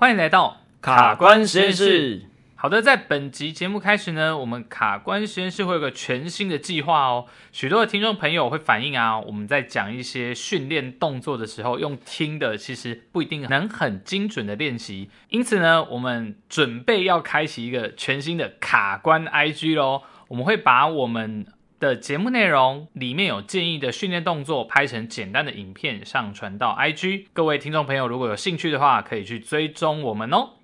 歡迎來到卡關實驗室。驗室好的，在本集節目開始呢，我們卡關實驗室會有個全新的計劃哦。許多的聽眾朋友會反映啊，我們在講一些訓練動作的時候，用聽的其實不一定能很精準的練習。因此呢，我們準備要開啟一個全新的卡關 IG 嘍。我們會把我們。的節目內容裡面有建議的訓練動作，拍成簡單的影片上傳到 IG。各位聽眾朋友，如果有興趣的話，可以去追蹤我們哦。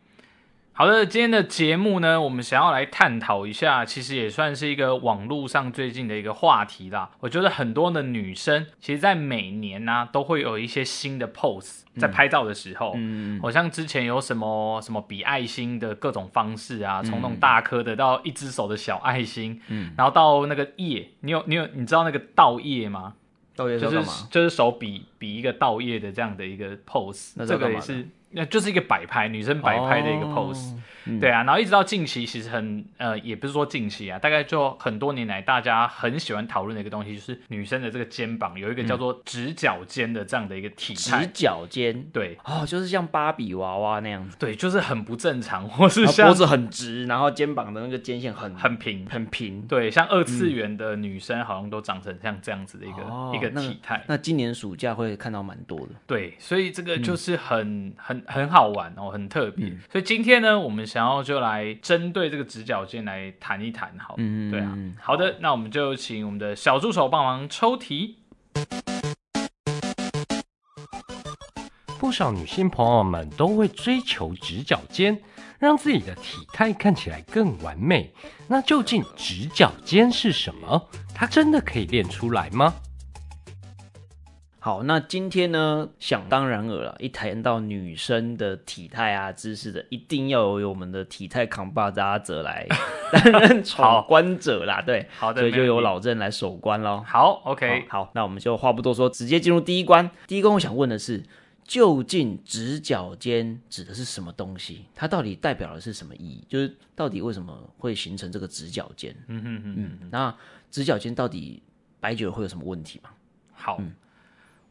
好的，今天的節目呢，我們想要來探討一下，其實也算是一個網絡上最近的一個話題啦。我覺得很多的女生，其實，在每年呢、啊，都會有一些新的 pose 在拍照的時候。嗯。嗯，好像之前有什麼什麼比愛心的各種方式啊，從那、嗯、種大顆的到一隻手的小愛心，嗯，然後到那個耶，你有你有你知道那個倒耶嗎？倒耶、就是幹嘛？就是手比比一個倒耶的這樣的一個 pose，這個也是。那就是一個擺拍，女生擺拍的一個 pose，、哦嗯、對啊，然後一直到近期，其實很呃，也不是說近期啊，大概就很多年來大家很喜歡討論的一個東西，就是女生的這個肩膀有一個叫做直角肩的這樣的一個體態。嗯、直角肩，對，哦，就是像芭比娃娃那樣子。對，就是很不正常，或是像脖子很直，然後肩膀的那個肩線很很平，很平。對，像二次元的女生好像都長成像這樣子的一個、哦、一個體態、那個。那今年暑假會看到蠻多的。對，所以這個就是很、嗯、很。很好玩哦，很特別。嗯、所以今天呢，我們想要就來針對這個直角肩來談一談，好、嗯。嗯對啊。好的，那我們就請我們的小助手幫忙抽題。不少女性朋友們都會追求直角肩，讓自己的體態看起來更完美。那究竟直角肩是什麼？它真的可以練出來嗎？好，那今天呢，想當然爾了，一談到女生的體態啊、姿勢的，一定要由我們的體態扛把子來擔任守關者啦。 好對，好的，所以就由老鄭來守關嘍。好，OK，好，好，那我們就話不多說，直接進入第一關。第一關，我想問的是，究竟直角肩指的是什麼東西？它到底代表的是什麼意義？就是到底為什麼會形成這個直角肩？嗯哼哼，嗯、那直角肩到底白酒會有什麼問題嗎？好。嗯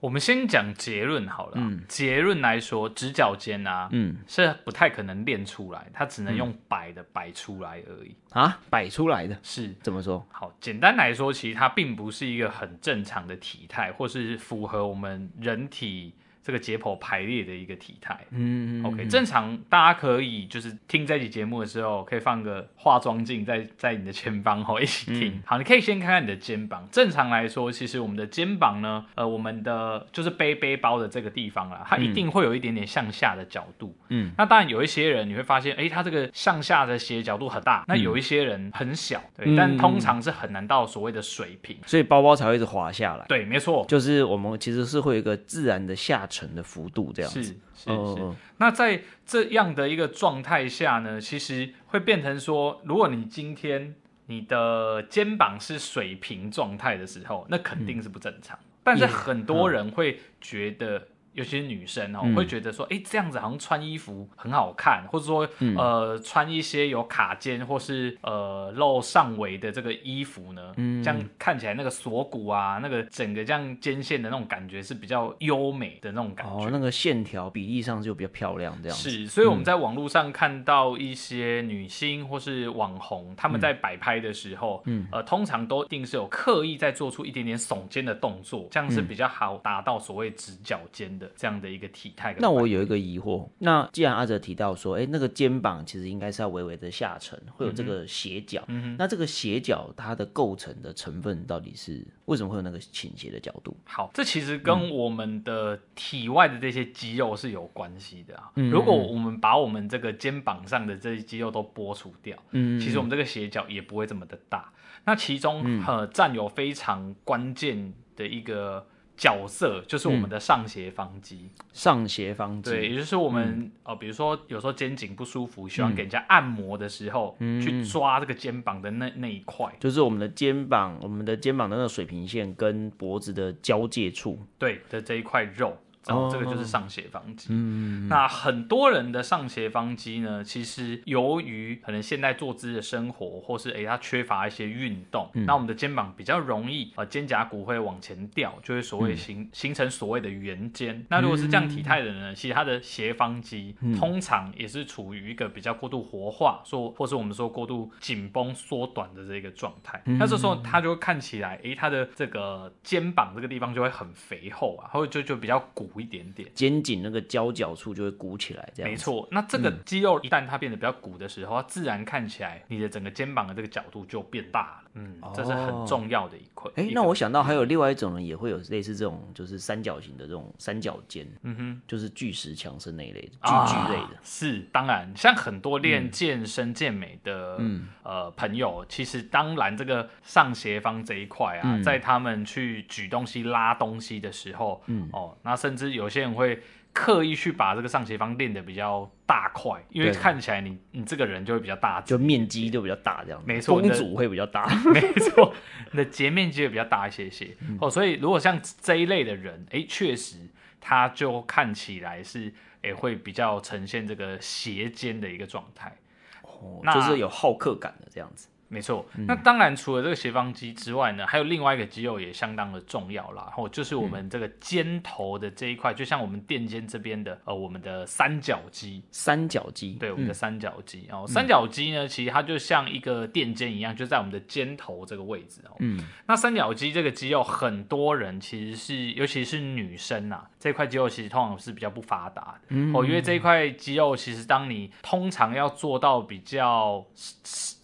我們先講結論好了啊。嗯，結論來說，直角肩啊，嗯，是不太可能練出來，它只能用擺的擺出來而已。嗯。啊。擺出來的，是。怎麼說？好，簡單來說，其實它並不是一個很正常的體態，或是符合我們人體。這個解剖排列的一個體態，嗯，OK，正常大家可以就是聽這期節目的時候，可以放個化妝鏡在在你的前方吼一起聽。嗯、好，你可以先看看你的肩膀。正常來說，其實我們的肩膀呢，呃，我們的就是背背包的這個地方啦，它一定會有一點點向下的角度。嗯，那當然有一些人你會發現，哎，它這個向下的斜角度很大，那有一些人很小，對，嗯、但通常是很難到所謂的水平，所以包包才會一直滑下來。對，沒錯，就是我們其實是會有一個自然的下。成的幅度，這樣子，是是是。是是 oh. 那在這樣的一個狀態下呢，其實會變成說，如果你今天你的肩膀是水平狀態的時候，那肯定是不正常。嗯、但是很多人會覺得。有些女生哦，嗯、會覺得說，哎、欸，這樣子好像穿衣服很好看，或者說，嗯、呃，穿一些有卡肩或是呃露上圍的這個衣服呢，嗯、這樣看起來那個鎖骨啊，那個整個這樣肩線的那種感覺是比較優美的那種感覺，哦，那個線條比例上就比較漂亮，這樣子是。所以我們在網絡上看到一些女星或是網紅，他們在擺拍的時候，嗯，嗯呃，通常都一定是有刻意在做出一點點聳肩的動作，這樣是比較好達到所謂直角肩的。這樣的一個體態，那我有一個疑惑。那既然阿哲提到說，哎、欸，那個肩膀其實應該是要微微的下沉，會有這個斜角，嗯、哼那這個斜角它的構成的成分到底是為什麼會有那個傾斜的角度？好，這其實跟我們的體外的這些肌肉是有關係的、啊嗯、哼如果我們把我們這個肩膀上的這些肌肉都剝除掉，嗯、哼其實我們這個斜角也不會這麼的大。那其中呃，占、嗯、有非常關鍵的一個。角色就是我們的上斜方肌，嗯、上斜方肌，對，也就是我們、嗯、哦，比如說有時候肩頸不舒服，需要給人家按摩的時候，嗯，去抓這個肩膀的那那一塊，就是我們的肩膀，我們的肩膀的那個水平線跟脖子的交界處，對的這一塊肉。然後這,、oh, 這個就是上斜方肌。嗯那很多人的上斜方肌呢，其實由於可能現代坐姿的生活，或是誒他缺乏一些運動，嗯、那我們的肩膀比較容易，呃肩胛骨會往前掉，就會所謂形、嗯、形成所謂的圓肩。嗯、那如果是這樣體態的人，呢，其實他的斜方肌、嗯、通常也是處於一個比較過度活化，說或是我們說過度緊繃縮,縮短的這個狀態。嗯、那這時候他就會看起來，誒他的這個肩膀這個地方就會很肥厚啊，他會就就比較鼓。一點點，肩頸那個交角處就會鼓起來，這樣。沒錯，那這個肌肉一旦它變得比較鼓的時候，嗯、它自然看起來你的整個肩膀的這個角度就變大。嗯，這是很重要的一塊、哦。那我想到還有另外一種人也會有類似這種，就是三角形的這種三角肩。嗯哼，就是巨石強森那一類的，巨巨類的、啊。是，當然，像很多練健身健美的、嗯呃、朋友，其實當然這個上斜方這一塊啊，嗯、在他們去舉東西、拉東西的時候，嗯、哦，那甚至有些人會。刻意去把這個上斜方練得比較大塊，因為看起來你對你這個人就會比較大，就面積就比較大這樣子，沒錯，組公主 那會比較大， 沒錯，你的截面積會比較大一些些、嗯、哦。所以如果像這一類的人，誒，確實，他就看起來是哎會比較呈現這個斜肩的一個狀態，哦，那就是有浩克感的這樣子。沒錯，那當然除了這個斜方肌之外呢，嗯、還有另外一個肌肉也相當的重要啦，哦，就是我們這個肩頭的這一塊，嗯、就像我們墊肩這邊的，呃，我們的三角肌，三角肌，對，我們的三角肌、嗯、哦，三角肌呢，其實它就像一個墊肩一樣，就在我們的肩頭這個位置哦。嗯，那三角肌這個肌肉，很多人其實是，尤其是女生啊，這塊肌肉其實通常是比較不發達的、嗯嗯、哦，因為這塊肌肉其實當你通常要做到比較。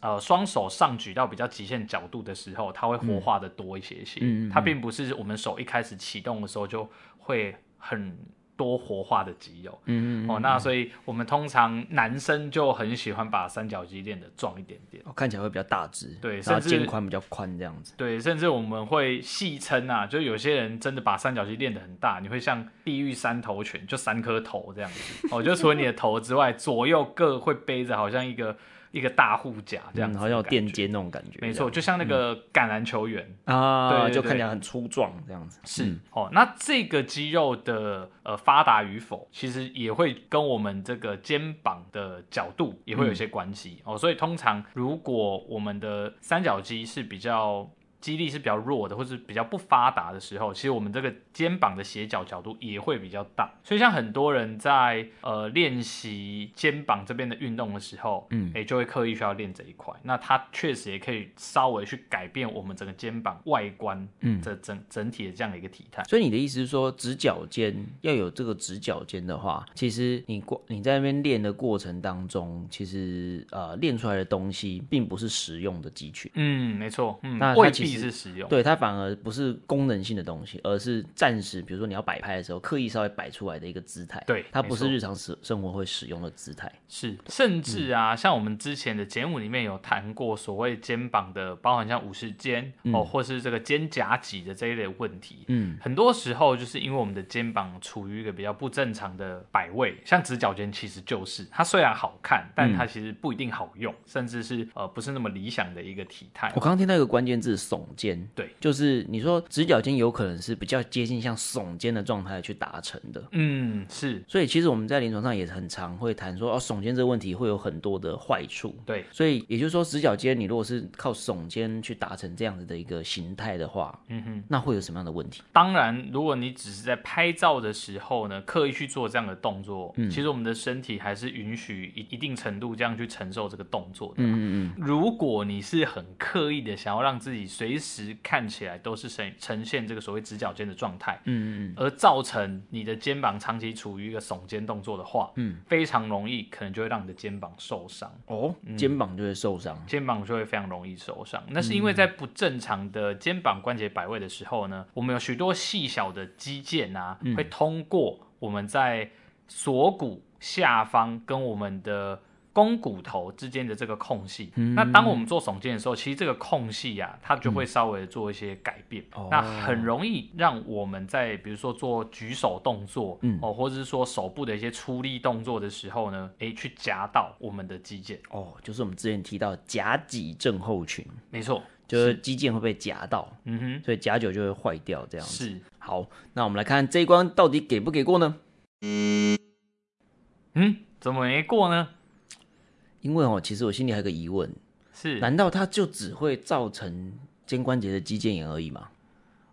呃，雙手上舉到比較極限角度的時候，它會活化的多一些些。嗯，嗯，嗯。它並不是我們手一開始啟動的時候就會很多活化的肌肉。嗯。嗯嗯。哦，那所以我們通常男生就很喜歡把三角肌練得壯一點點。哦，看起來會比較大隻。對。然後肩寬比較寬這樣子。對，甚至我們會戲稱啊，就有些人真的把三角肌練得很大，你會像地獄三頭犬，就三顆頭這樣子。哦，就除了你的頭之外， 左右各會背着好像一個。一個大護甲這樣、嗯，然後要墊肩那種感覺沒錯，就像那個橄欖球員、嗯、啊，對對對，就看起來很粗壯這樣子。是、嗯、哦，那這個肌肉的呃發達與否，其實也會跟我們這個肩膀的角度也會有一些關係、嗯、哦。所以通常如果我們的三角肌是比較。肌力是比較弱的，或是比較不發達的時候，其實我們這個肩膀的斜角角度也會比較大，所以像很多人在呃練習肩膀這邊的運動的時候，嗯，哎、欸，就會刻意需要練這一塊。那它確實也可以稍微去改變我們整個肩膀外觀，嗯，這整整體的這樣的一個體態。所以你的意思是說，直角肩要有這個直角肩的話，其實你過你在那邊練的過程當中，其實呃練出來的東西並不是實用的肌群。嗯，沒錯，嗯、那它意是使用對，對，它反而不是功能性的東西，而是暫時，比如說你要擺拍的時候，刻意稍微擺出來的一個姿態。對，它不是日常生錯生活會使用的姿態。是，甚至啊，嗯、像我們之前的節目裡面有談過所謂肩膀的，包含像五十肩、嗯、哦，或是這個肩胛脊的這一類問題。嗯，很多時候就是因為我們的肩膀處於一個比較不正常的擺位，像直角肩其實就是它雖然好看，但它其實不一定好用，嗯、甚至是呃不是那麼理想的一個體態。我剛剛聽到一個關鍵字“聳”。聳肩，對，就是你說直角肩有可能是比較接近像聳肩的狀態去達成的，嗯，是，所以其實我們在臨床上也很常會談說，哦，聳肩這個問題會有很多的壞處，對，所以也就是說，直角肩你如果是靠聳肩去達成這樣子的一個形態的話，嗯哼，那會有什麼樣的問題？當然，如果你只是在拍照的時候呢，刻意去做這樣的動作，嗯，其實我們的身體還是允許一一定程度這樣去承受這個動作的，嗯嗯，如果你是很刻意的想要讓自己隨。其實看起來都是呈呈現這個所謂直角肩的狀態，嗯嗯，而造成你的肩膀長期處於一個聳肩動作的話，嗯，非常容易可能就會讓你的肩膀受傷哦，嗯、肩膀就會受傷，肩膀就會非常容易受傷。那是因為在不正常的肩膀關節擺位的時候呢，嗯、我們有許多細小的肌腱啊，嗯、會通過我們在鎖骨下方跟我們的。肱骨頭之間的這個空隙，嗯、那當我們做聳肩的時候，其實這個空隙呀、啊，它就會稍微做一些改變。哦、嗯。那很容易讓我們在比如說做舉手動作，嗯，哦，或者是說手部的一些出力動作的時候呢，欸、去夾到我們的肌腱。哦。就是我們之前提到夾擠症候群。沒錯錯。就是肌腱會被夾到。嗯哼是。所以夾久就會壞掉，這樣子。是。好，那我們來看，看這一關到底給不給過呢？嗯？怎麼沒過呢？因為哦、喔，其實我心裡還有個疑問，是難道它就只會造成肩關節的肌腱炎而已嗎？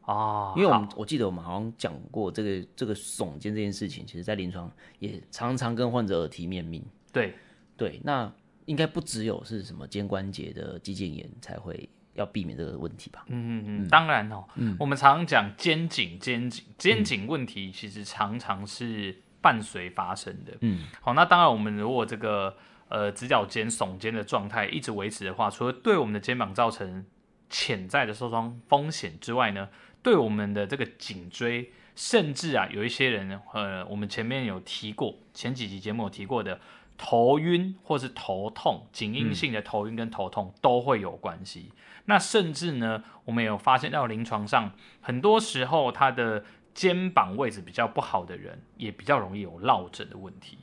哦，因為我們好我記得我們好像講過這個這個聳肩這件事情，其實，在臨床也常常跟患者耳提面命。對對，那應該不只有是什麼肩關節的肌腱炎才會要避免這個問題吧？嗯嗯嗯，當然哦、喔，嗯、我們常常講肩頸、肩頸、肩頸問題，其實常常是。伴隨發生的，嗯，好，那當然，我們如果這個呃直角肩聳肩的狀態一直維持的話，除了對我們的肩膀造成潛在的受傷風險之外呢，對我們的這個頸椎，甚至啊有一些人呢，呃，我們前面有提過，前幾集節目有提過的頭暈或是頭痛，頸因性的頭暈跟頭痛都會有關係。嗯、那甚至呢，我們有發現到臨床上，很多時候它的。肩膀位置比較不好的人，也比較容易有落枕的問題。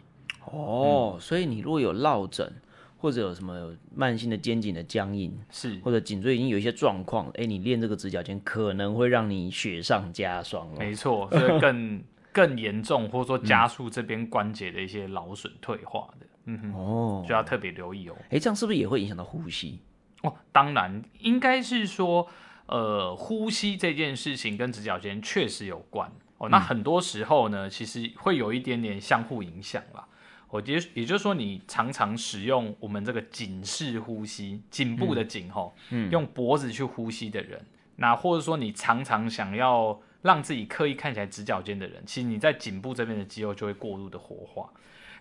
哦，嗯、所以你如果有落枕，或者有什麼有慢性的肩頸的僵硬，是，或者頸椎已經有一些狀況，哎、欸，你練這個直角肩可能會讓你雪上加霜。沒錯，是更更嚴重， 或者說加速這邊關節的一些勞損退化的。嗯，嗯哼，哦，就要特別留意哦。哎、哦欸，這樣是不是也會影響到呼吸？哦，當然，應該是說。呃，呼吸這件事情跟直角肩確實有關哦。那很多時候呢，嗯、其實會有一點點相互影響啦。我、哦、覺得，也就是說，你常常使用我們這個頸式呼吸，頸部的頸吼，嗯、用脖子去呼吸的人，嗯、那或者說你常常想要讓自己刻意看起來直角肩的人，其實你在頸部這邊的肌肉就會過度的活化。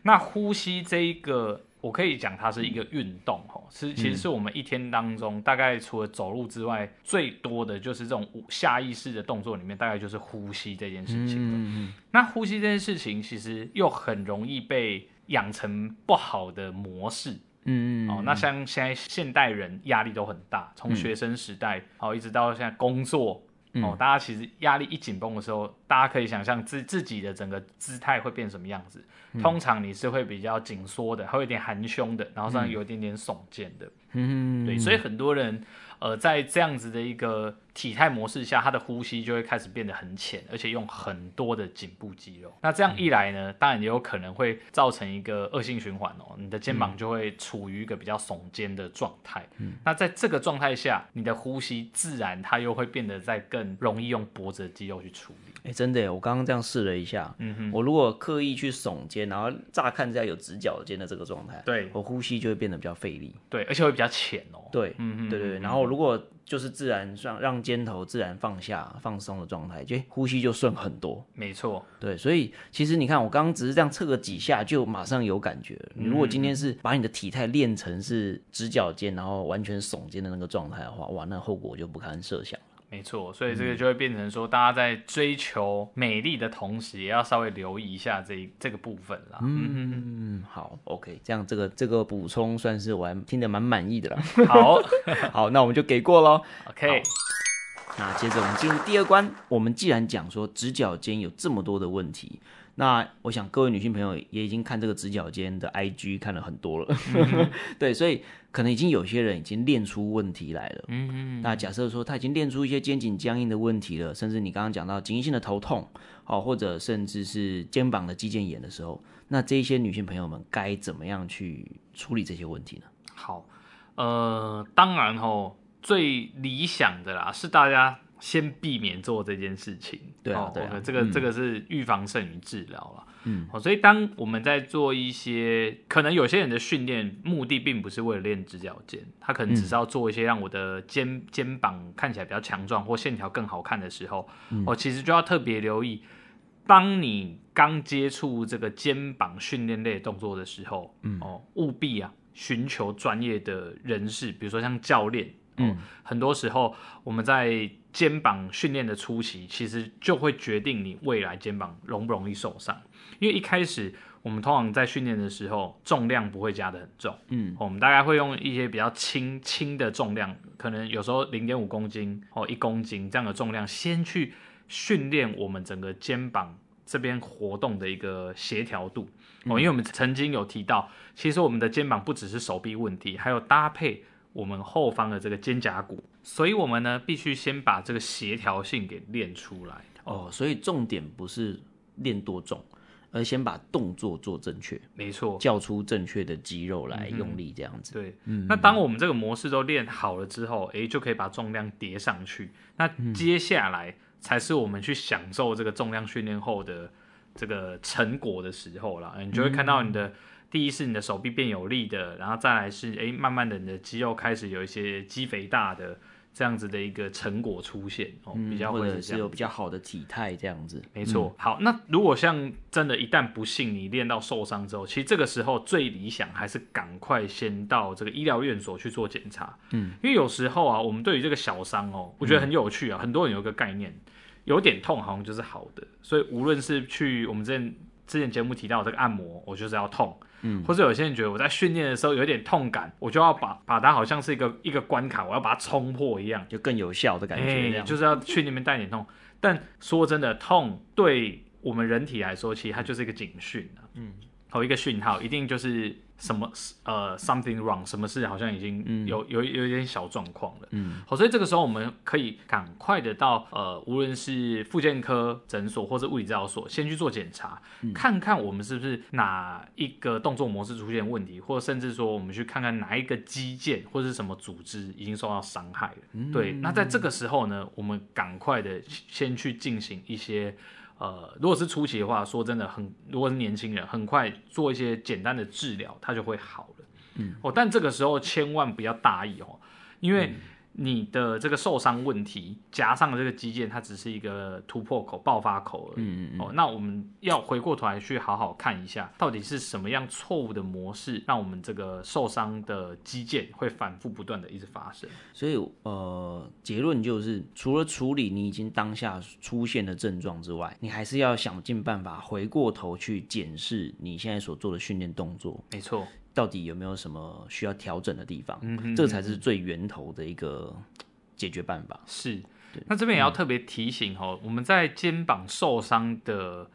那呼吸這一個。我可以講，它是一個運動，吼、嗯，是其實是我們一天當中、嗯、大概除了走路之外，最多的就是這種下意識的動作裡面，大概就是呼吸這件事情。嗯。那呼吸這件事情，其實又很容易被養成不好的模式。嗯。哦，那像現在現代人壓力都很大，從學生時代，好、嗯、哦、一直到現在工作。哦，嗯、大家其實壓力一緊繃的時候，大家可以想象自自己的整個姿態會變什麼樣子。嗯、通常你是會比較緊縮的，會有點含胸的，然後上有點點聳肩的。嗯、對，所以很多人，呃，在這樣子的一個。體態模式下，他的呼吸就會開始變得很淺，而且用很多的頸部肌肉。那這樣一來呢，嗯、當然也有可能會造成一個惡性循環哦、喔。你的肩膀就會處於一個比較聳肩的狀態。嗯。那在這個狀態下，你的呼吸自然它又會變得再更容易用脖子的肌肉去處理。哎、欸，真的，我剛剛這樣試了一下。嗯哼。我如果刻意去聳肩，然後乍看這樣有直角肩的這個狀態。對。我呼吸就會變得比較費力。對，而且會比較淺哦、喔。對，嗯哼。對對對，然後如果。就是自然讓讓肩頭自然放下放鬆的狀態，就、欸、呼吸就順很多。沒錯，對，所以其實你看，我剛剛只是這樣測個幾下，就馬上有感覺。嗯、如果今天是把你的體態練成是直角肩，然後完全聳肩的那個狀態的話，哇，那後果就不堪設想。沒錯，所以這個就會變成說，大家在追求美麗的同時，也要稍微留意一下這一這個部分啦。嗯，嗯，好，OK，這樣這個這個補充算是我還聽得蠻滿意的了。好， 好，那我們就給過嘍。OK，那接着我們進入第二關。我們既然講說直角肩有這麼多的問題，那我想各位女性朋友也已經看這個直角肩的 IG 看了很多了。嗯、 對，所以。可能已經有些人已經練出問題來了，嗯，嗯嗯，那假設說他已經練出一些肩頸僵硬的問題了，甚至你剛剛講到緊張性的頭痛，哦，或者甚至是肩膀的肌腱炎的時候，那這些女性朋友們該怎麼樣去處理這些問題呢？好，呃，當然吼，哦，最理想的啦是大家。先避免做這件事情，對，對，這個、嗯、這個是預防勝於治療了，嗯，哦，所以當我們在做一些可能有些人的訓練目的並不是為了練直角肩，他可能只是要做一些讓我的肩、嗯、肩膀看起來比較強壯或線條更好看的時候，嗯、哦，其實就要特別留意，當你剛接觸這個肩膀訓練類動作的時候，嗯，哦，務必啊，尋求專業的人士，比如說像教練。嗯、哦，很多時候我們在肩膀訓練的初期，其實就會決定你未來肩膀容不容易受傷。因為一開始我們通常在訓練的時候，重量不會加得很重，嗯、哦，我們大概會用一些比較輕輕的重量，可能有時候零點五公斤或、哦、一公斤這樣的重量，先去訓練我們整個肩膀這邊活動的一個協調度。嗯、哦，因為我們曾經有提到，其實我們的肩膀不只是手臂問題，還有搭配。我們後方的這個肩胛骨，所以我們呢必須先把這個協調性給練出來哦。所以重點不是練多重，而先把動作做正確。沒錯，叫出正確的肌肉來、嗯、哼用力，這樣子。對，嗯哼。那當我們這個模式都練好了之後，哎，就可以把重量疊上去。那接下來才是我們去享受這個重量訓練後的這個成果的時候啦。嗯、哼你就會看到你的。第一是你的手臂變有力的，然後再來是誒、欸，慢慢的你的肌肉開始有一些肌肥大的這樣子的一個成果出現哦，或者是有比較好的體態這樣子。沒錯。嗯、好，那如果像真的，一旦不幸你練到受傷之後，其實這個時候最理想還是趕快先到這個醫療院所去做檢查。嗯，因為有時候啊，我們對於這個小傷哦，我覺得很有趣啊，嗯、很多人有一個概念，有點痛好像就是好的，所以無論是去我們這邊。之前節目提到我這個按摩，我就是要痛，嗯，或是有些人覺得我在訓練的時候有點痛感，我就要把把它好像是一個一個關卡，我要把它衝破一樣，就更有效的感覺一樣、欸、就是要去那邊帶點痛。 但說真的，痛對我們人體來說，其實它就是一個警訊、啊，嗯，和一個訊號，一定就是。什麼呃，something wrong，什麼事好像已經有、嗯、有有一點小狀況了，嗯，好，所以這個時候我們可以趕快的到呃，無論是復健科診所或者物理治療所，先去做檢查，嗯、看看我們是不是哪一個動作模式出現問題，或者甚至說我們去看看哪一個肌腱或是什麼組織已經受到傷害了，嗯、對，那在這個時候呢，我們趕快的先去進行一些。呃，如果是初期的話，說真的很，如果是年輕人，很快做一些簡單的治療，他就會好了。嗯哦，但這個時候千萬不要大意哦，因為、嗯。你的這個受傷問題，加上這個肌腱，它只是一個突破口、爆發口，嗯，嗯，嗯，哦，那我們要回過頭來去好好看一下，到底是什麼樣錯誤的模式，讓我們這個受傷的肌腱會反覆不斷的一直發生。所以，呃，結論就是，除了處理你已經當下出現的症狀之外，你還是要想盡辦法回過頭去檢視你現在所做的訓練動作。沒錯。到底有沒有什麼需要調整的地方？嗯哼嗯哼，這才是最源頭的一個解決辦法。是，對那這邊也要特別提醒哦，嗯、我們在肩膀受傷的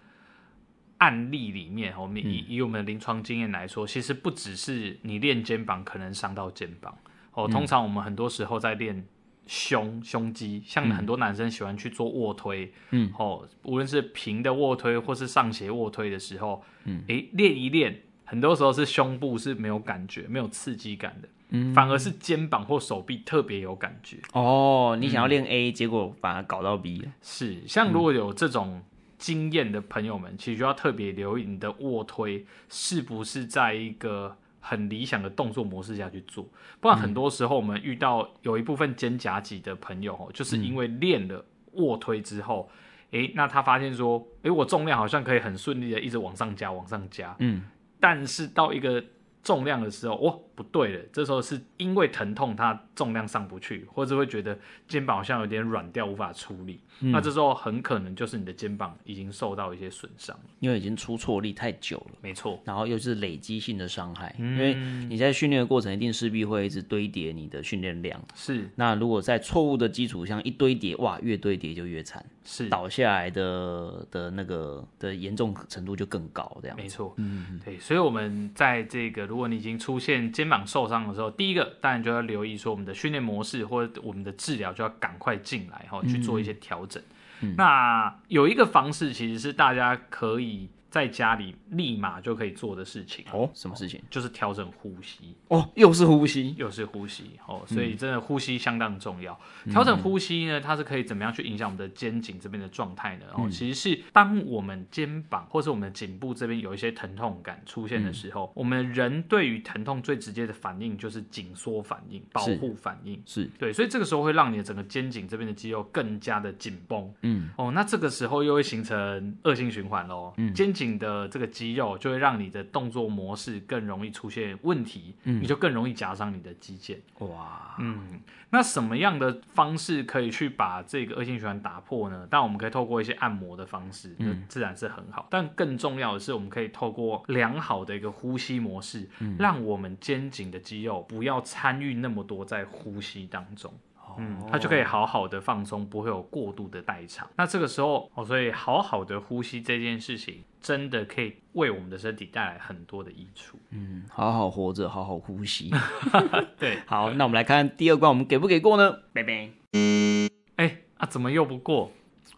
案例裡面，我們、嗯、以以我們的臨床經驗來說，其實不只是你練肩膀可能傷到肩膀哦。通常我們很多時候在練胸、嗯、胸肌，像很多男生喜歡去做臥推，嗯，哦，無論是平的臥推或是上斜臥推的時候，嗯，哎，練一練。很多時候是胸部是沒有感覺、沒有刺激感的，嗯，反而是肩膀或手臂特別有感覺。哦，你想要練 A，嗯，結果反而搞到 B。是，像如果有這種經驗的朋友們，嗯，其實就要特別留意你的臥推是不是在一個很理想的動作模式下去做，不然很多時候我們遇到有一部分肩胛肌的朋友，嗯，就是因為練了臥推之後，哎、欸，那他發現說，哎、欸，我重量好像可以很順利的一直往上加，嗯，往上加，嗯。但是到一個重量的時候，哇！不對的，這時候是因為疼痛，它重量上不去，或者會覺得肩膀好像有點軟掉，無法出力。嗯、那這時候很可能就是你的肩膀已經受到一些損傷，因為已經出錯力太久了。沒錯。然後又是累積性的傷害，嗯、因為你在訓練的過程一定勢必會一直堆疊你的訓練量。是。那如果在錯誤的基礎上一堆疊，哇，越堆疊就越慘。是。倒下來的的那個的嚴重程度就更高，這樣。沒錯。嗯嗯。對，所以我們在這個，如果你已經出現肩。肩膀受傷的時候，第一個當然就要留意，說我們的訓練模式或我們的治療就要趕快進來哈，去做一些調整。嗯嗯嗯嗯，那有一個方式，其實是大家可以。在家裡立馬就可以做的事情哦，什麼事情？哦、就是調整呼吸哦，又是呼吸，又是呼吸哦，所以真的呼吸相當重要。嗯、調整呼吸呢，它是可以怎麼樣去影響我們的肩頸這邊的狀態呢？哦、嗯，其實是當我們肩膀或是我們的頸部這邊有一些疼痛感出現的時候，嗯、我們人對於疼痛最直接的反應就是緊縮反應、保護反應，是，是對，所以這個時候會讓你的整個肩頸這邊的肌肉更加的緊繃。嗯，哦，那這個時候又會形成惡性循環嘍。嗯，肩，頸的這個肌肉就會讓你的動作模式更容易出現問題，嗯，你就更容易夾傷你的肌腱，哇，嗯，那什麼樣的方式可以去把這個惡性循環打破呢？當然，我們可以透過一些按摩的方式，自然是很好，嗯，但更重要的是，我們可以透過良好的一個呼吸模式，嗯，讓我們肩頸的肌肉不要參與那麼多在呼吸當中。嗯，他就可以好好的放鬆，哦、不會有過度的代償。那這個時候、哦，所以好好的呼吸這件事情，真的可以為我們的身體帶來很多的益處。嗯，好好活着，好好呼吸。 對，好，那我們來看看第二關，我們給不給過呢？拜拜。哎、欸，啊，怎麼又不過？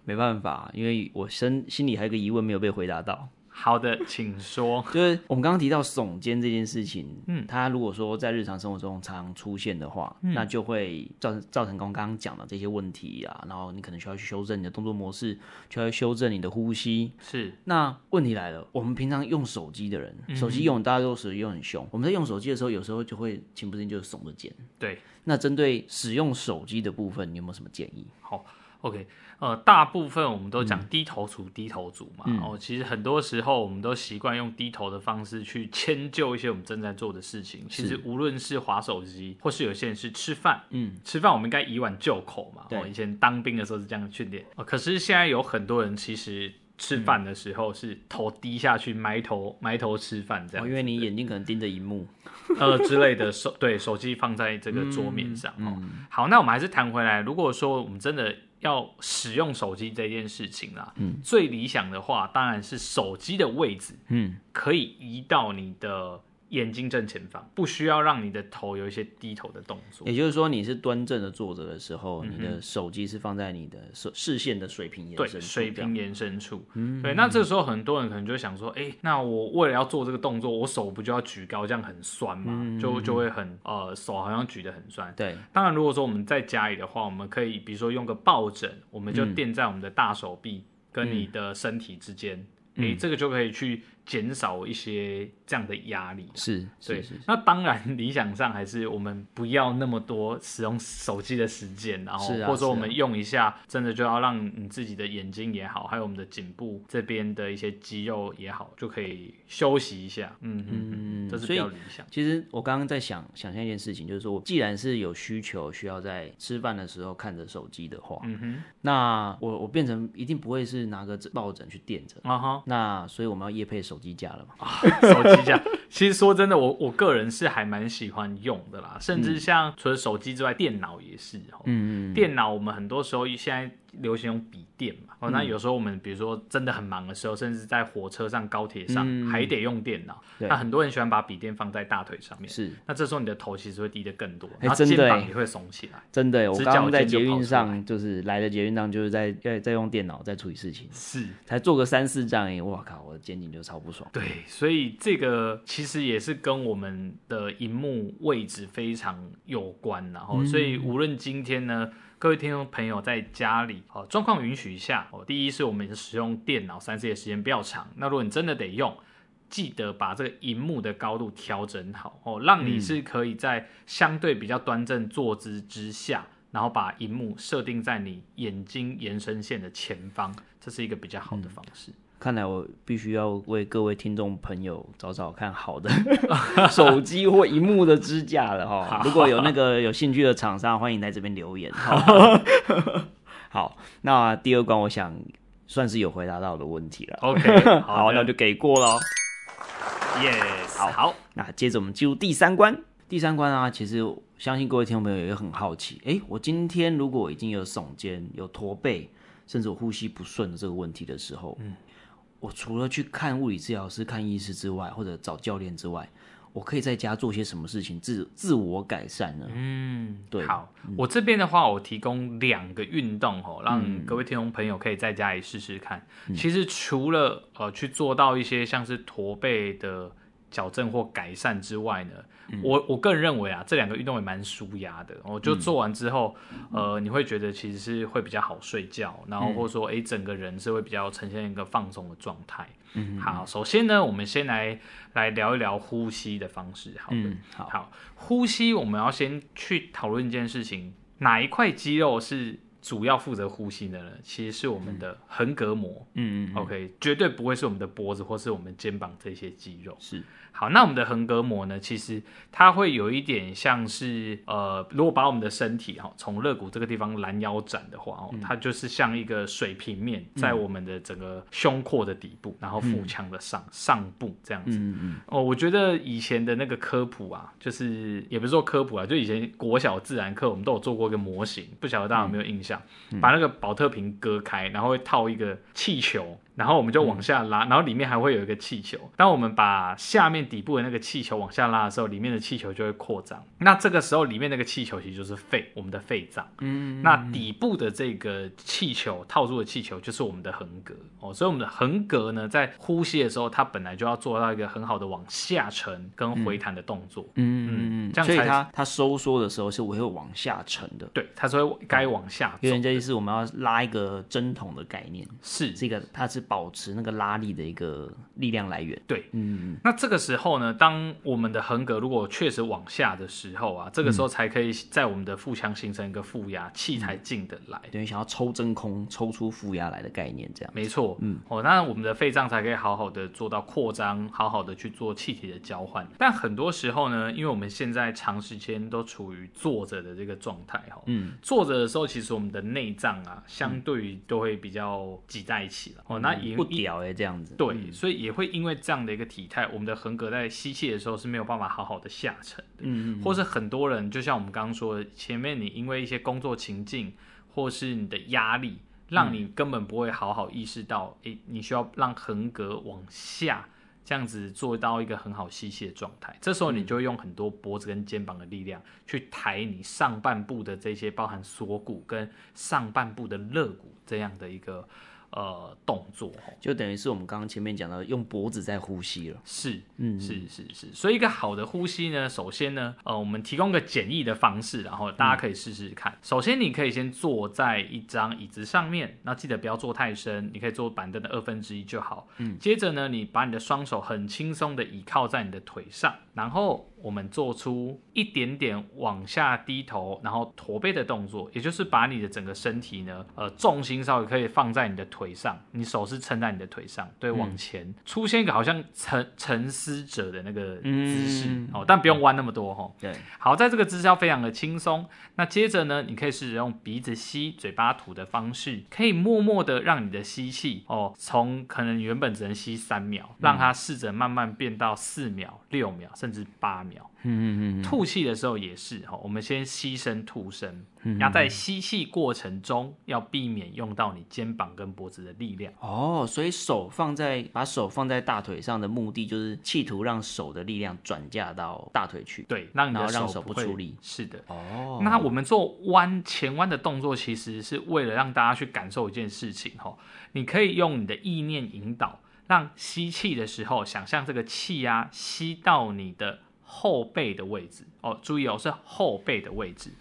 沒辦法，因為我身心裡還有一個疑問沒有被回答到。好的，請說。就是我們剛剛提到聳肩這件事情，嗯，它如果說在日常生活中常，常出現的話，嗯、那就會造成造成剛剛講的這些問題啊。然後你可能需要去修正你的動作模式，需要修正你的呼吸。是。那問題來了，我們平常用手機的人，手機用大家都是用很凶。嗯、哼我們在用手機的時候，有時候就會情不自禁就聳着肩。對。那針對使用手機的部分，你有沒有什麼建議？好。OK，呃，大部分我們都講低頭族，嗯、低頭族嘛。嗯、哦，其實很多時候我們都習慣用低頭的方式去遷就一些我們正在做的事情。是其實無論是滑手機，或是有些人是吃飯，嗯，吃飯我們應該以碗就口嘛。對哦，以前當兵的時候是這樣訓練。呃、可是現在有很多人其實。吃飯的時候是頭低下去、嗯、埋頭埋頭吃飯這樣，哦，因為你眼睛可能盯着螢幕， 呃之類的手對手機放在這個桌面上，嗯嗯、哦。好，那我們還是談回來，如果說我們真的要使用手機這件事情啦，嗯、最理想的話當然是手機的位置，嗯，可以移到你的。眼睛正前方，不需要讓你的頭有一些低頭的動作。也就是說，你是端正的坐着的時候，嗯、哼你的手機是放在你的視視線的水平延伸對，水平延伸處。嗯、哼對，那這個時候很多人可能就會想說，哎、嗯哼欸，那我為了要做這個動作，我手不就要舉高，這樣很酸嗎？嗯、哼就就會很呃，手好像舉得很酸。對，當然如果說我們在家裡的話，我們可以比如說用個抱枕，我們就墊在我們的大手臂跟你的身體之間，誒、嗯哼欸，這個就可以去。減少一些這樣的壓力。啊，是，是對是，是。是那當然，理想上還是我們不要那麼多使用手機的時間，然後或者說我們用一下，真的就要讓你自己的眼睛也好，啊啊、還有我們的頸部這邊的一些肌肉也好，就可以休息一下。啊啊、嗯嗯嗯，這是比較理想。其實我剛剛在想，想象一件事情，就是說我既然是有需求需要在吃飯的時候看着手機的話，嗯哼，那我我變成一定不會是拿個抱枕去墊着。啊哈，那所以我們要業配手機架了嗎？啊、手機架， 其實說真的，我我個人是還蠻喜歡用的啦，甚至像除了手機之外，嗯、電腦也是哦。嗯、電腦我們很多時候現在。流行用筆電嘛，哦、嗯，那有時候我們比如說真的很忙的時候，甚至在火車上、高鐵上、嗯、還得用電腦。對那很多人喜歡把筆電放在大腿上面。是，那這時候你的頭其實會低得更多，然後肩膀也會聳起來。欸、真的、欸真的欸，我剛剛在捷運上，就是來的捷運上，就是在在、在用電腦在處理事情，是才坐個三四站，欸，哎，我靠，我的肩頸就超不爽。對，所以這個其實也是跟我們的螢幕位置非常有關，然後所以無論今天呢，嗯嗯各位聽眾朋友，在家裡哦，狀況允許一下哦。第一是，我們使用電腦、三 C 的時間比較長。那如果你真的得用，記得把這個熒幕的高度調整好哦，讓你是可以在相對比較端正坐姿之下，嗯、然後把熒幕設定在你眼睛延伸線的前方，這是一個比較好的方式。嗯看來我必須要為各位聽眾朋友找找看好的 手機或螢幕的支架了哈、哦。如果有那個有興趣的廠商，歡迎在這邊留言、哦。啊、好，那、啊、第二關我想算是有回答到我的問題了。OK，好， 好有那就給過了。y Yes, 好，好，那接着我們進入第三關。第三關啊，其實我相信各位聽眾朋友也很好奇，哎，我今天如果已經有聳肩、有駝背，甚至我呼吸不順的這個問題的時候，嗯。我除了去看物理治療師、看醫師之外，或者找教練之外，我可以在家做些什麼事情自自我改善呢？嗯，對。好，嗯、我這邊的話，我提供兩個運動吼，讓各位聽眾朋友可以在家裡試試看。嗯、其實除了呃，去做到一些像是駝背的。矯正或改善之外呢，嗯、我我個人認為啊，這兩個運動也蠻舒壓的。我、哦、就做完之後，嗯、呃，你會覺得其實是會比較好睡覺，然後或者說，哎、嗯欸，整個人是會比較呈現一個放鬆的狀態。嗯，嗯，嗯，好，首先呢，我們先來來聊一聊呼吸的方式。好的，嗯、好，好，呼吸我們要先去討論一件事情，哪一塊肌肉是主要負責呼吸的呢，其實是我們的橫膈膜。嗯，okay, 嗯嗯，OK，嗯，絕對不會是我們的脖子或是我們肩膀這些肌肉。是。好，那我們的橫膈膜呢？其實它會有一點像是，呃，如果把我們的身體哈從肋骨這個地方攔腰斬的話，哦、嗯，它就是像一個水平面，在我們的整個胸廓的底部，嗯、然後腹腔的上、嗯、上部這樣子。嗯嗯、哦，我覺得以前的那個科普啊，就是也不是說科普啊，就以前國小自然科我們都有做過一個模型，不曉得大家有沒有印象？嗯、把那個保特瓶割開，然後會套一個氣球。然後我們就往下拉，嗯、然後裡面還會有一個氣球。當我們把下面底部的那個氣球往下拉的時候，裡面的氣球就會擴張。那這個時候，裡面那個氣球其實就是肺，我們的肺臟。嗯。那底部的這個氣球、嗯、套住的氣球就是我們的橫膈、嗯、哦。所以我們的橫膈呢，在呼吸的時候，它本來就要做到一個很好的往下沉跟回彈的動作。嗯嗯嗯。這樣才，所以它它收縮的時候是會往下沉的。對，它是會該往下。所以、嗯、這就是我們要拉一個針筒的概念。是，這個它是。保持那個拉力的一個力量來源，對，嗯，那這個時候呢，當我們的橫膈如果確實往下的時候啊，這個時候才可以在我們的腹腔形成一個負壓，氣才進得來、嗯，對，想要抽真空、抽出負壓來的概念，這樣，沒錯，嗯，哦，那我們的肺臟才可以好好的做到擴張，好好的去做氣體的交換。但很多時候呢，因為我們現在長時間都處於坐着的這個狀態哈，嗯，坐着的時候，其實我們的內臟啊，相對都會比較擠在一起了，哦，那。也不屌誒、欸，這樣子，對，所以也會因為這樣的一個體態，我們的橫膈在吸氣的時候是沒有辦法好好的下沉的。嗯嗯，或是很多人就像我們剛剛說的，前面你因為一些工作情境，或是你的壓力，讓你根本不會好好意識到，誒、嗯欸，你需要讓橫膈往下，這樣子做到一個很好吸氣的狀態。這時候你就會用很多脖子跟肩膀的力量去抬你上半部的這些，包含鎖骨跟上半部的肋骨這樣的一個。呃，動作就等於是我們剛剛前面講到的，用脖子在呼吸了。是，嗯，是是是，所以一個好的呼吸呢，首先呢，呃，我們提供個簡易的方式，然後大家可以試試看。嗯、首先，你可以先坐在一張椅子上面，那記得不要坐太深，你可以坐板凳的二分之一就好。嗯，接着呢，你把你的雙手很輕鬆的倚靠在你的腿上，然後。我們做出一點點往下低頭，然後駝背的動作，也就是把你的整個身體呢，呃，重心稍微可以放在你的腿上，你手是撐在你的腿上，對，嗯、往前出現一個好像沉沉思者的那個姿勢，嗯、哦，但不用彎那麼多、哦，吼、嗯，對，好，在這個姿勢要非常的輕鬆。那接着呢，你可以試着用鼻子吸，嘴巴吐的方式，可以默默的讓你的吸氣，哦，從可能原本只能吸三秒，讓它試着慢慢變到四秒、六秒，甚至八秒。嗯嗯嗯，吐氣的時候也是我們先吸身吐身，那、嗯嗯、在吸氣過程中要避免用到你肩膀跟脖子的力量哦。所以手放在把手放在大腿上的目的就是企圖讓手的力量轉嫁到大腿去，對，讓你的然後讓手不出力。是的，哦。那我們做彎前彎的動作，其實是為了讓大家去感受一件事情，你可以用你的意念引導，讓吸氣的時候想象這個氣壓吸到你的。後背的位置哦，注意哦，是後背的位置。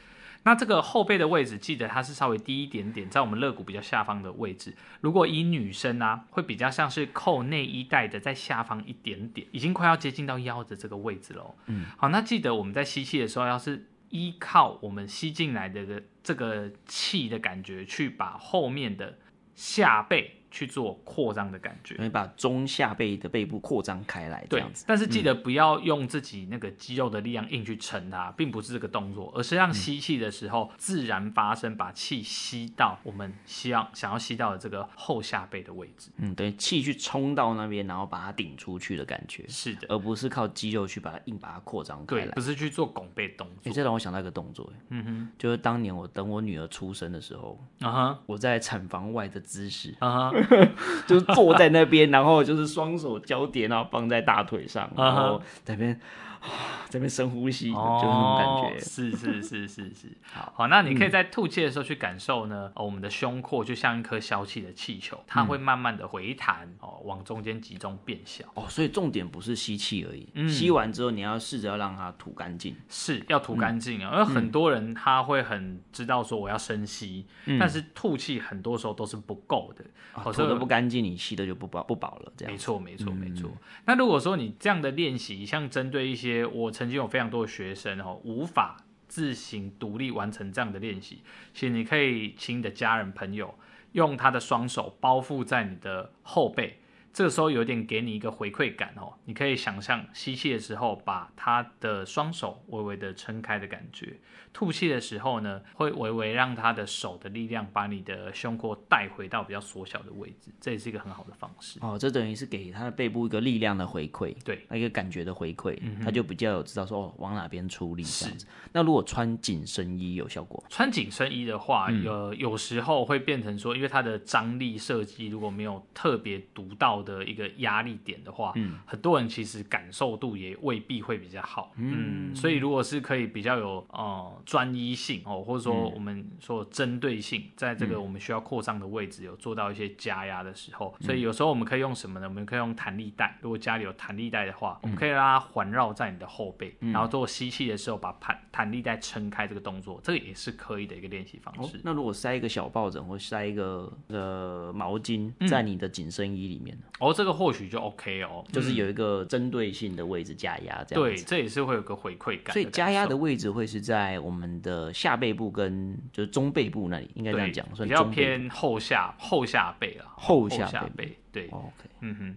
那這個後背的位置，記得它是稍微低一點點，在我們肋骨比較下方的位置。如果以女生啊，會比較像是扣內衣帶的，在下方一點點，已經快要接近到腰的這個位置嘍。嗯，好，那記得我們在吸氣的時候，要是依靠我們吸進來的這個氣的感覺，去把後面的下背。去做擴張的感覺，可以把中下背的背部擴張開來，這樣子對。但是記得不要用自己那個肌肉的力量硬去撐它，嗯、並不是這個動作，而是讓吸氣的時候、嗯、自然發生，把氣吸到我們希望想要吸到的這個後下背的位置。嗯，等於氣去衝到那邊，然後把它頂出去的感覺。是的，而不是靠肌肉去把它硬把它擴張開來。對，不是去做拱背動作。你、欸、這讓我想到一個動作，嗯哼，就是當年我等我女兒出生的時候，uh huh、我在產房外的姿勢。Uh huh 就是坐在那邊， 然後就是雙手交疊，然後放在大腿上，然後在那邊。哦，這邊深呼吸，就是那種感覺，是是是是是。好，那你可以在吐氣的時候去感受呢，我們的胸廓就像一顆消氣的氣球，它會慢慢的回彈，哦，往中間集中變小。哦，所以重點不是吸氣而已，吸完之後你要試着要讓它吐乾淨，是要吐乾淨啊。因為很多人他會很知道說我要深吸，但是吐氣很多時候都是不夠的，吐的不乾淨，你吸的就不飽不飽了。這樣沒錯沒錯沒錯。那如果說你這樣的練習，像針對一些。我曾經有非常多的學生吼、哦，無法自行獨立完成這樣的練習。其實你可以請你的家人朋友，用他的雙手包覆在你的後背。這個時候有點給你一個回饋感哦，你可以想象吸氣的時候，把他的雙手微微的撐開的感覺；吐氣的時候呢，會微微讓他的手的力量把你的胸廓帶回到比較縮小的位置。這也是一個很好的方式哦，這等於是給他的背部一個力量的回饋，對，一個感覺的回饋，嗯、哼他就比較有知道說，哦，往哪邊出力這樣子。是那如果穿緊身衣有效果？穿緊身衣的話，嗯、有有時候會變成說，因為它的張力設計如果沒有特別獨到。的一個壓力點的話，嗯，很多人其實感受度也未必會比較好，嗯，嗯，所以如果是可以比較有呃專一性哦、喔，或者說我們說針對性，在這個我們需要擴張的位置有做到一些加壓的時候，嗯、所以有時候我們可以用什麼呢？我們可以用彈力帶，如果家裡有彈力帶的話，嗯、我們可以讓它環繞在你的後背，嗯、然後做吸氣的時候把彈彈力帶撐開，這個動作這個也是可以的一個練習方式、哦。那如果塞一個小抱枕或塞一個呃毛巾在你的緊身衣裡面、嗯哦，這個或許就 OK 哦，就是有一個針對性的位置加壓這樣子。對，這也是會有一個回饋感的感受。所以加壓的位置會是在我們的下背部跟就是中背部那裡，應該這樣講，對算比較偏後下後下背啊。後下背，下背對。Oh, OK，嗯哼。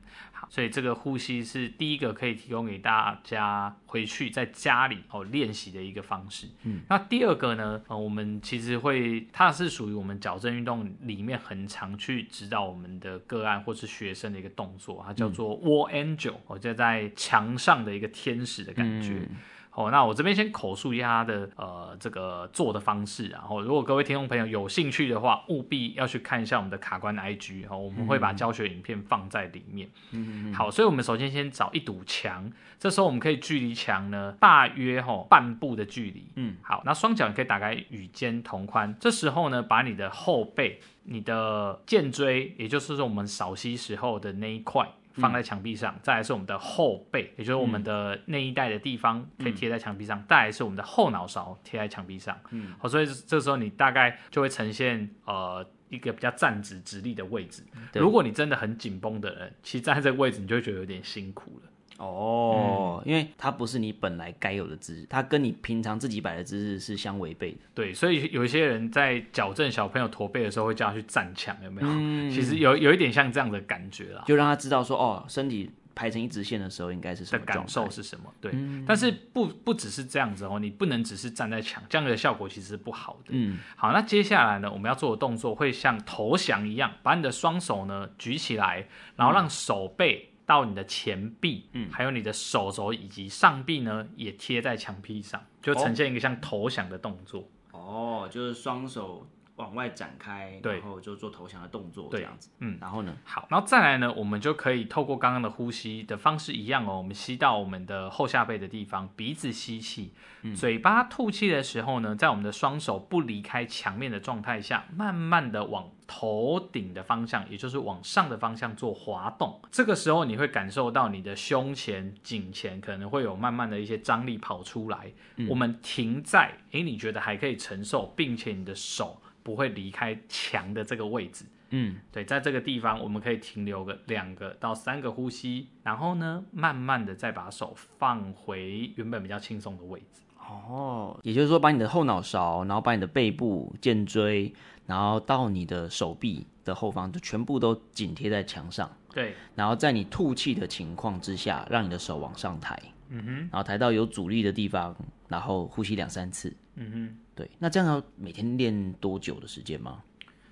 所以這個呼吸是第一個可以提供給大家回去在家裡哦練習的一個方式。嗯，那第二個呢？呃，我們其實會，它是屬於我們矯正運動裡面很常去指導我們的個案或是學生的一個動作，它叫做 Wall Angel，嗯，哦，就在牆上的一個天使的感覺。嗯哦，那我這邊先口述一下他的呃這個做的方式，啊，然、哦、後如果各位聽眾朋友有興趣的話，務必要去看一下我們的卡關的 IG 哦，我們會把教學影片放在裡面。嗯，嗯，嗯。好，所以我們首先先找一堵牆，這時候我們可以距離牆呢大約吼、哦、半步的距離。嗯，好，那雙腳你可以打開與肩同寬，這時候呢，把你的後背、你的肩椎，也就是說我們少息時候的那一塊。放在牆壁上，嗯、再來是我們的後背，也就是我們的內衣帶的地方，可以貼在牆壁上。嗯、再來是我們的後腦勺貼在牆壁上。嗯，好，所以這時候你大概就會呈現呃一個比較站直直立的位置。嗯、對，如果你真的很緊繃的人，其實站在這個位置，你就會覺得有點辛苦了。哦，嗯，因為它不是你本來該有的姿勢，它跟你平常自己擺的姿勢是相違背的。對，所以有一些人在矯正小朋友駝背的時候，會叫他去站牆，有沒有？嗯，其實有有一點像這樣的感覺啦，就讓他知道說，哦，身體排成一直線的時候，應該是什麼的感受是什麼？對，嗯，但是不不只是這樣子哦，你不能只是站在牆，這樣的效果其實是不好的。嗯，好，那接下來呢，我們要做的動作會像投降一樣，把你的雙手呢舉起來，然後讓手背，嗯。到你的前臂，嗯，還有你的手肘以及上臂呢，也貼在牆壁上，就呈現一個像投降的動作。哦，哦，就是雙手往外展開，對然後就做投降的動作，這樣子，嗯，然後呢？好，然後再來呢，我們就可以透過剛剛的呼吸的方式一樣哦，我們吸到我們的後下背的地方，鼻子吸氣，嗯，嘴巴吐氣的時候呢，在我們的雙手不離開牆面的狀態下，慢慢的往。頭頂的方向，也就是往上的方向做滑動，這個時候你會感受到你的胸前、頸前可能會有慢慢的一些張力跑出來。嗯、我們停在，誒，你覺得還可以承受，並且你的手不會離開牆的這個位置。嗯，對，在這個地方我們可以停留個兩個到三個呼吸，然後呢，慢慢的再把手放回原本比較輕鬆的位置。哦，也就是說把你的後腦勺，然後把你的背部、肩椎，然後到你的手臂的後方，就全部都緊貼在牆上。對。然後在你吐氣的情況之下，讓你的手往上抬。嗯哼。然後抬到有阻力的地方，然後呼吸兩三次。嗯哼。對。那這樣要每天練多久的時間嗎？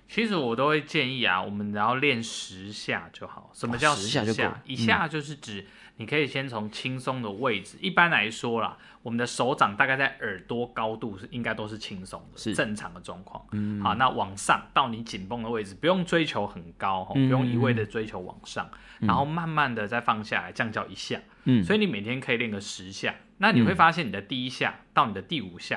其實我都會建議啊，我們只要練十下就好。什麼叫十下？十下就夠。一下就是指。嗯你可以先從輕鬆的位置，一般來說啦，我們的手掌大概在耳朵高度是應該都是輕鬆的，是正常的狀況。嗯，好，那往上到你緊繃的位置，不用追求很高，嗯、不用一味的追求往上，嗯、然後慢慢的再放下來，這樣叫一下。嗯，所以你每天可以練個十下，嗯、那你會發現你的第一下到你的第五下，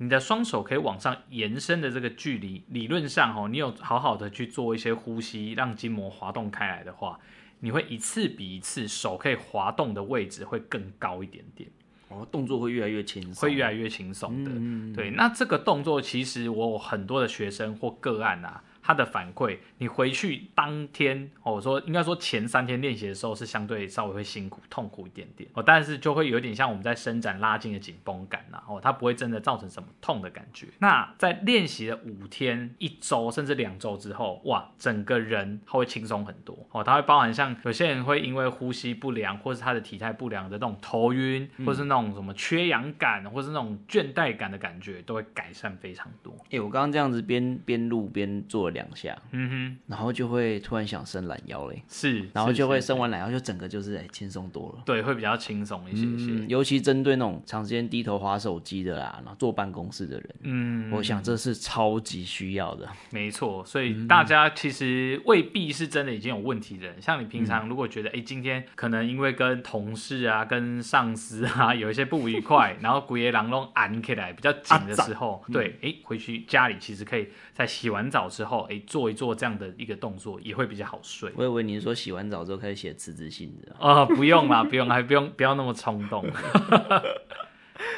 嗯、你的雙手可以往上延伸的這個距離，理論上吼，你有好好的去做一些呼吸，讓筋膜滑動開來的話。你會一次比一次手可以滑動的位置會更高一點點，哦，動作會越來越輕鬆，會越來越輕鬆的，嗯、對。那這個動作其實我有很多的學生或個案啊。他的反饋，你回去當天，哦、我說應該說前三天練習的時候是相對稍微會辛苦、痛苦一點點，哦，但是就會有點像我們在伸展、拉筋的緊繃感啦、啊，哦，它不會真的造成什麼痛的感覺。那在練習了五天、一周甚至兩周之後，哇，整個人它會輕鬆很多，哦，它會包含像有些人會因為呼吸不良，或是他的體態不良的那種頭暈，嗯、或是那種什麼缺氧感，或是那種倦怠感的感覺，都會改善非常多。誒、欸，我剛剛這樣子邊邊錄邊做。兩下，嗯哼，然後就會突然想伸懶腰嘞，是，然後就會伸完懶腰，就整個就是哎，輕鬆多了，對，會比較輕鬆一些些，尤其針對那種長時間低頭滑手機的啦，然後坐辦公室的人，嗯，我想這是超級需要的，沒錯，所以大家其實未必是真的已經有問題的人，像你平常如果覺得哎，今天可能因為跟同事啊、跟上司啊有一些不愉快，然後整個人都按起來比較緊的時候，對，哎，回去家裡其實可以在洗完澡之後。哎、欸，做一做這樣的一個動作也會比較好睡。我以為您說洗完澡之後開始寫辭職信的。啊，不用啦，不用啦，還 不用，不要，不要那麼衝動。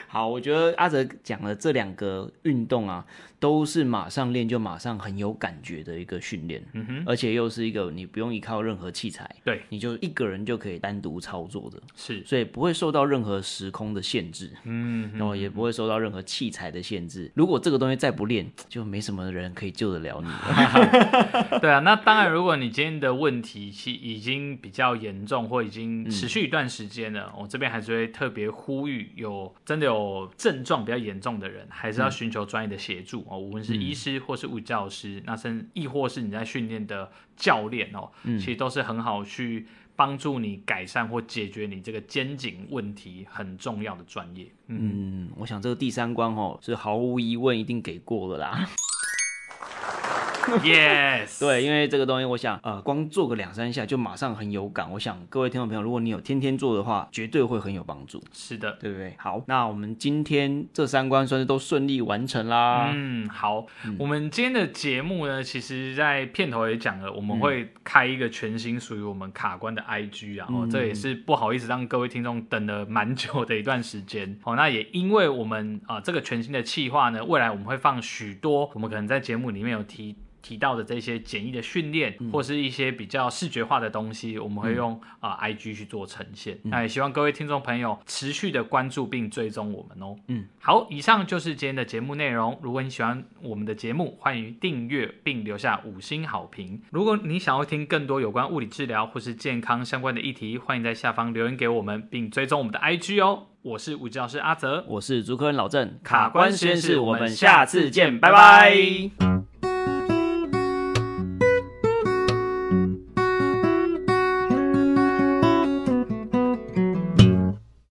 好，我覺得阿澤講的這兩個運動啊，都是馬上練就馬上很有感覺的一個訓練，嗯哼，而且又是一個你不用依靠任何器材，對，你就一個人就可以單獨操作的，是，所以不會受到任何時空的限制，嗯哼，然後也不會受到任何器材的限制。如果這個東西再不練，就沒什麼人可以救得了你。 對啊，那當然，如果你今天的問題其已經比較嚴重或已經持續一段時間了，嗯、我這邊還是會特別呼籲有，有真的有。有症狀比較嚴重的人，還是要尋求專業的協助哦。無論、嗯、是醫師或是物理治療師，嗯、那甚至亦或是你在訓練的教練哦，嗯、其實都是很好去幫助你改善或解決你這個肩頸問題很重要的專業。嗯,嗯，我想這個第三關哦，是毫無疑問一定給過了啦。Yes， 對，因為這個東西，我想呃，光做個兩三下就馬上很有感。我想各位聽眾朋友，如果你有天天做的話，絕對會很有幫助。是的，對不對？好，那我們今天這三關算是都順利完成啦。嗯，好，嗯、我們今天的節目呢，其實在片頭也講了，我們會開一個全新屬於我們卡關的 IG 啊、嗯，哦，然後這也是不好意思讓各位聽眾等了蠻久的一段時間。好、哦，那也因為我們啊、呃，這個全新的企劃呢，未來我們會放許多我們可能在節目裡面有提。提到的這些簡易的訓練，或是一些比較視覺化的東西，嗯、我們會用啊、嗯呃、IG 去做呈現。嗯、那也希望各位聽眾朋友持續的關注並追蹤我們哦。嗯，好，以上就是今天的節目內容。如果你喜歡我們的節目，歡迎訂閱並留下五星好評。如果你想要聽更多有關物理治療或是健康相關的議題，歡迎在下方留言給我們，並追蹤我們的 IG 哦。我是物理治療師阿澤，我是主科老鄭，卡關實驗室，我們下次見，拜拜。嗯